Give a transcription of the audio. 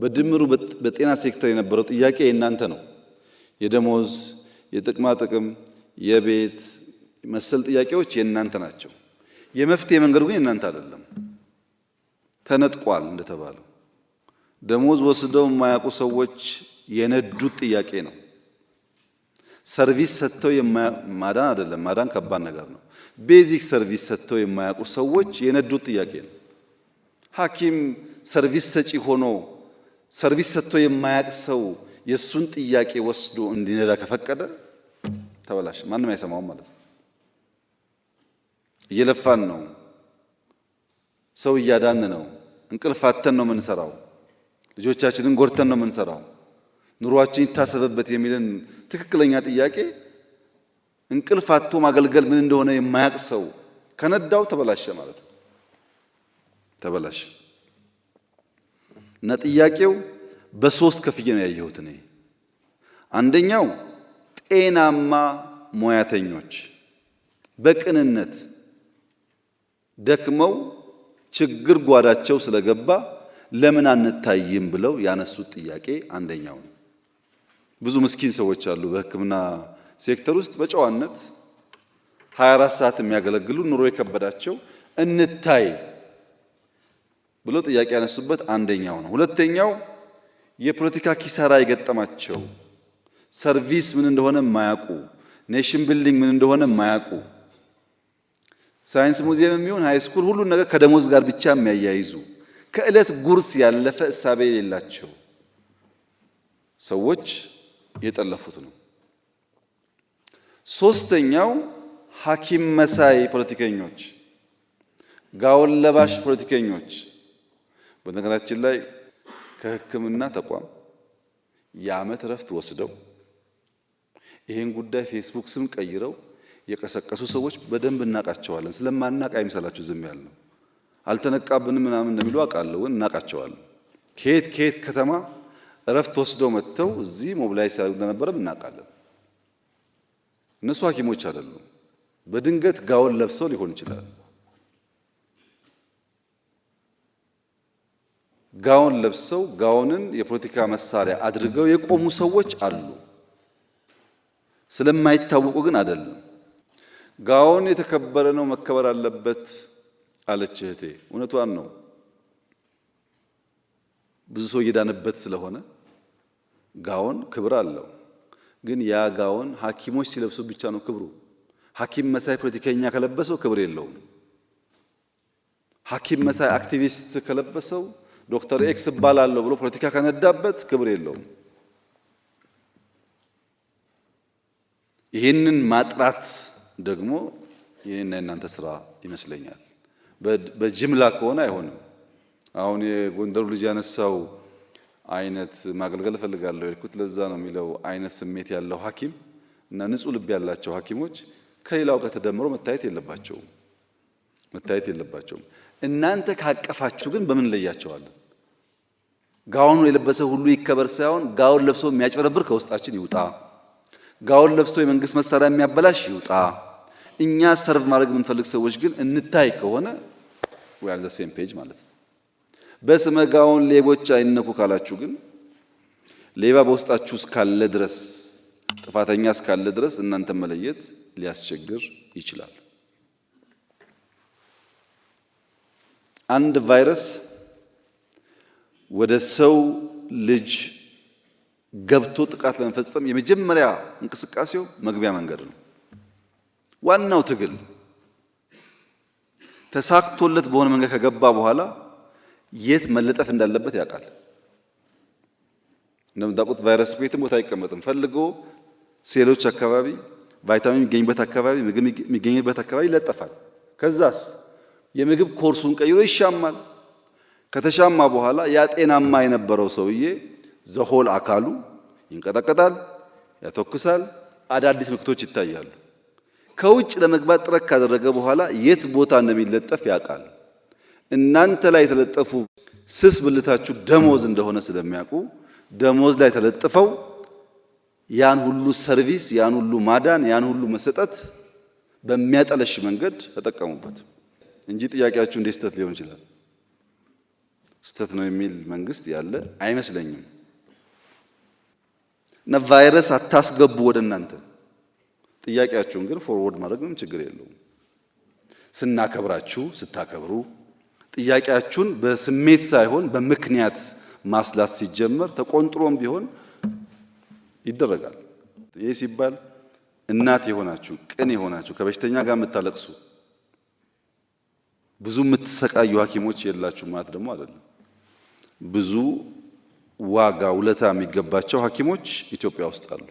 በድምሩ በጤና ሴክተር የነበረው ጥያቄ የእናንተ ነው። የደሞዝ፣ የጥቅማ ጥቅም፣ የቤት መሰል ጥያቄዎች የእናንተ ናቸው። የመፍትሄ መንገዱ ግን የእናንተ አይደለም፣ ተነጥቋል እንደተባለው። ደሞዝ ወስደው የማያውቁ ሰዎች የነዱት ጥያቄ ነው። ሰርቪስ ሰጥተው ማዳን አይደለም፣ ማዳን ከባድ ነገር ነው። ቤዚክ ሰርቪስ ሰጥተው የማያውቁ ሰዎች የነዱት ጥያቄ ነው። ሐኪም ሰርቪስ ሰጪ ሆኖ ሰርቪስ ሰጥቶ የማያቅ ሰው የእሱን ጥያቄ ወስዶ እንዲነዳ ከፈቀደ ተበላሽ፣ ማንም አይሰማውም ማለት ነው። እየለፋን ነው፣ ሰው እያዳን ነው፣ እንቅልፍ አተን ነው የምንሰራው፣ ልጆቻችንን ጎድተን ነው የምንሰራው፣ ኑሯችን ይታሰብበት የሚልን ትክክለኛ ጥያቄ እንቅልፍ አቶ ማገልገል ምን እንደሆነ የማያውቅ ሰው ከነዳው ተበላሸ ማለት ነው። ተበላሸ። እና ጥያቄው በሶስት ከፍዬ ነው ያየሁት እኔ። አንደኛው ጤናማ ሙያተኞች በቅንነት ደክመው ችግር ጓዳቸው ስለገባ ለምን አንታይም ብለው ያነሱት ጥያቄ አንደኛው ነው። ብዙ ምስኪን ሰዎች አሉ በሕክምና ሴክተር ውስጥ በጨዋነት 24 ሰዓት የሚያገለግሉ ኑሮ የከበዳቸው እንታይ ብለው ጥያቄ ያነሱበት አንደኛው ነው። ሁለተኛው የፖለቲካ ኪሳራ የገጠማቸው ሰርቪስ ምን እንደሆነ የማያውቁ ኔሽን ቢልዲንግ ምን እንደሆነ የማያውቁ ሳይንስ ሙዚየም የሚሆን ሃይ ስኩል ሁሉን ነገር ከደሞዝ ጋር ብቻ የሚያያይዙ ከእለት ጉርስ ያለፈ እሳቤ የሌላቸው ሰዎች የጠለፉት ነው። ሶስተኛው ሐኪም መሳይ ፖለቲከኞች፣ ጋውን ለባሽ ፖለቲከኞች በነገራችን ላይ ከሕክምና ተቋም የዓመት እረፍት ወስደው ይህን ጉዳይ ፌስቡክ ስም ቀይረው የቀሰቀሱ ሰዎች በደንብ እናቃቸዋለን። ስለማናቅ አይምሰላችሁ ዝም ነው። አልተነቃብንም ምናምን እንደሚሉ አውቃለሁ፣ እናቃቸዋለን። ከየት ከየት ከተማ እረፍት ወስደው መጥተው እዚህ ሞብላይ ሲያደርጉ እንደነበረም እናውቃለን። እነሱ ሐኪሞች አይደሉም። በድንገት ጋውን ለብሰው ሊሆን ይችላል። ጋውን ለብሰው ጋውንን የፖለቲካ መሳሪያ አድርገው የቆሙ ሰዎች አሉ። ስለማይታወቁ ግን አይደለም። ጋውን የተከበረ ነው፣ መከበር አለበት አለች እህቴ። እውነቷን ነው። ብዙ ሰው እየዳነበት ስለሆነ ጋውን ክብር አለው። ግን ያ ጋውን ሐኪሞች ሲለብሱ ብቻ ነው ክብሩ። ሐኪም መሳይ ፖለቲከኛ ከለበሰው ክብር የለውም። ሐኪም መሳይ አክቲቪስት ከለበሰው ዶክተር ኤክስ እባላለሁ ብሎ ፖለቲካ ከነዳበት ክብር የለውም። ይህንን ማጥራት ደግሞ የኔና የእናንተ ስራ ይመስለኛል። በጅምላ ከሆነ አይሆንም። አሁን የጎንደሩ ልጅ ያነሳው አይነት ማገልገል እፈልጋለሁ የልኩት ለዛ ነው የሚለው አይነት ስሜት ያለው ሐኪም እና ንጹህ ልብ ያላቸው ሐኪሞች ከሌላው ጋር ተደምሮ መታየት የለባቸውም መታየት የለባቸውም። እናንተ ካቀፋችሁ ግን በምን ለያቸዋለን? ጋውኑ የለበሰ ሁሉ ይከበር ሳይሆን ጋውን ለብሶ የሚያጭበረብር ከውስጣችን ይውጣ። ጋውን ለብሶ የመንግስት መሳሪያ የሚያበላሽ ይውጣ። እኛ ሰርቭ ማድረግ የምንፈልግ ሰዎች ግን እንታይ ከሆነ we are ማለት ነው። በስመ ጋውን ሌቦች አይነኩ ካላችሁ ግን ሌባ በውስጣችሁ እስካለ ድረስ ጥፋተኛ እስካለ ድረስ እናንተ መለየት ሊያስቸግር ይችላል። አንድ ቫይረስ ወደ ሰው ልጅ ገብቶ ጥቃት ለመፈጸም የመጀመሪያ እንቅስቃሴው መግቢያ መንገድ ነው። ዋናው ትግል ተሳክቶለት በሆነ መንገድ ከገባ በኋላ የት መለጠፍ እንዳለበት ያውቃል። እንደምታውቁት ቫይረስ የትም ቦታ አይቀመጥም። ፈልጎ ሴሎች አካባቢ፣ ቫይታሚን የሚገኝበት አካባቢ፣ ምግብ የሚገኝበት አካባቢ ይለጠፋል። ከዛስ የምግብ ኮርሱን ቀይሮ ይሻማል። ከተሻማ በኋላ ያ ጤናማ የነበረው ሰውዬ ዘሆል አካሉ ይንቀጠቀጣል፣ ያተኩሳል፣ አዳዲስ ምልክቶች ይታያሉ። ከውጭ ለመግባት ጥረት ካደረገ በኋላ የት ቦታ እንደሚለጠፍ ያውቃል። እናንተ ላይ የተለጠፉ ስስ ብልታችሁ ደሞዝ እንደሆነ ስለሚያውቁ ደሞዝ ላይ ተለጥፈው ያን ሁሉ ሰርቪስ፣ ያን ሁሉ ማዳን፣ ያን ሁሉ መሰጠት በሚያጠለሽ መንገድ ተጠቀሙበት እንጂ ጥያቄያችሁ እንዴት ስህተት ሊሆን ይችላል? ስተት ነው የሚል መንግስት ያለ አይመስለኝም። እና ቫይረስ አታስገቡ ወደ እናንተ። ጥያቄያችሁን ግን ፎርወርድ ማድረግ ምንም ችግር የለውም። ስናከብራችሁ ስታከብሩ ጥያቄያችሁን በስሜት ሳይሆን በምክንያት ማስላት ሲጀመር ተቆንጥሮም ቢሆን ይደረጋል። ይህ ሲባል እናት የሆናችሁ ቅን የሆናችሁ ከበሽተኛ ጋር የምታለቅሱ ብዙ የምትሰቃዩ ሐኪሞች የላችሁ ማለት ደግሞ አይደለም። ብዙ ዋጋ ውለታ የሚገባቸው ሐኪሞች ኢትዮጵያ ውስጥ አሉ።